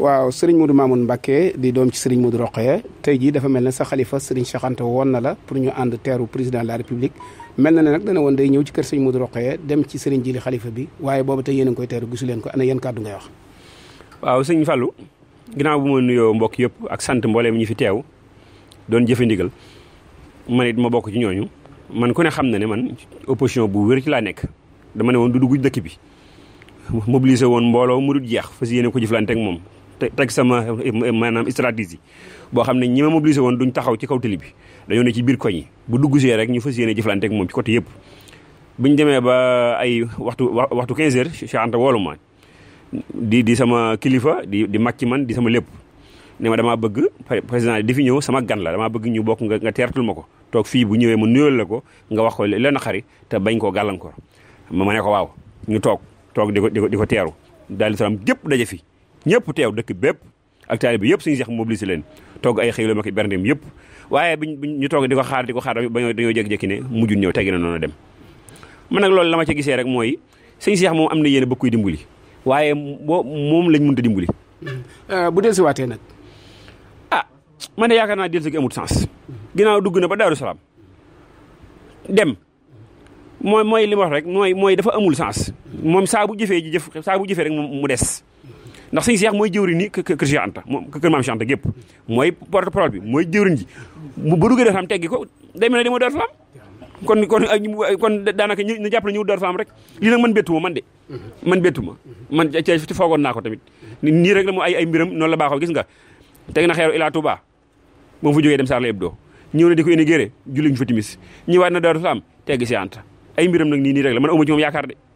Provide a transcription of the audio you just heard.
waaw sëriñ Modou Mamoun Mbacké di doom ci sëriñ Modou ya tey jii dafa mel ne sax xalifa sëriñ Cheikh woon na la pour ñu ànd teeru président de la république mel na ne nag dana woon day ñëw ci kër sëriñ Modou Rokhaya dem ci sëriñ Jili xalifa bi waaye booba te yéen koy teeru gisu leen ko ana yéen kàddu ngay wax waaw sëriñ Fallou ginnaaw bu ma nuyoo mbokk yëpp ak sant mbooleem ñi fi teew doon jëfandigal man it ma bokk ci ñooñu man ku ne xam na ne man opposition bu wér ci laa nekk dama ne woon du dugg dëkk bi mobiliser woon mbooloo mu dul jeex fas yéene ko jëflante ak moom teg eh, sama maanaam stratégie boo xam ne ñi ma mobilisé woon du ñu taxaw ci kaw tali bi dañoo ne ci biir koñ yi bu dugg see rek ñu fas yéene jëflante ak moom ci côté yëpp buñ demee ba ay waxtu waxtu 15 heures Cheikh ma di di sama kilifa di di mag ci man di sama lépp ne ma damaa bëgg président di fi ñëw sama gan la damaa bëgg ñu bokk nga teertul ma ko toog fii bu ñëwee ma nuyoo la ko nga wax ko leen xari te bañ koo gàllankoor ma ne ko waaw ñu toog toog di ko di di ko teeru daal di salaam gépp daje fi ñëpp teew dëkk bépp ak taalibe yëpp suñu seex mobilisé leen togg ay xëylo ma ki berndeem yëpp waaye biñ ñu toog di ko xaar di ko xaar ba dañoo jékki-jékki ne mujjul ñëw teggi na noonu dem man nag loolu la ma gisee rek mooy suñu seex moom am na yéen a bëgg koy dimbali waaye boo moom lañ mënta dimbali euh, bu del si waatee nag ah man de yaakaar naa del si gi amut sens ginnaaw dugg na ba Daaru Salaam dem mooy mooy li wax rek mooy mooy dafa amul sens moom saa bu jëfee ji jëf saa bu mu des ndax si Cheikh mooy jëwriñ ni kër Cheikh Anta moom kër maam Cheikh Anta gépp mooy porte parole bi mooy jëwriñ ji bu duggee Daaru Salaam teggi ko day mel ne dama kon kon kon daanaka ñu jàpp na ñu Daaru Salaam rek lii nag man bettu ma man man bettu ma naa ko tamit nii rek la mu ay mbiram noonu la baaxoo gis nga teg na xeeru Ila Touba moom fu jógee dem Charlie Hebdo ñëw na di ko indi ñu fa na Daaru Salaam teggi si Anta ay mbiram nag nii nii rek la man amu yaakaar de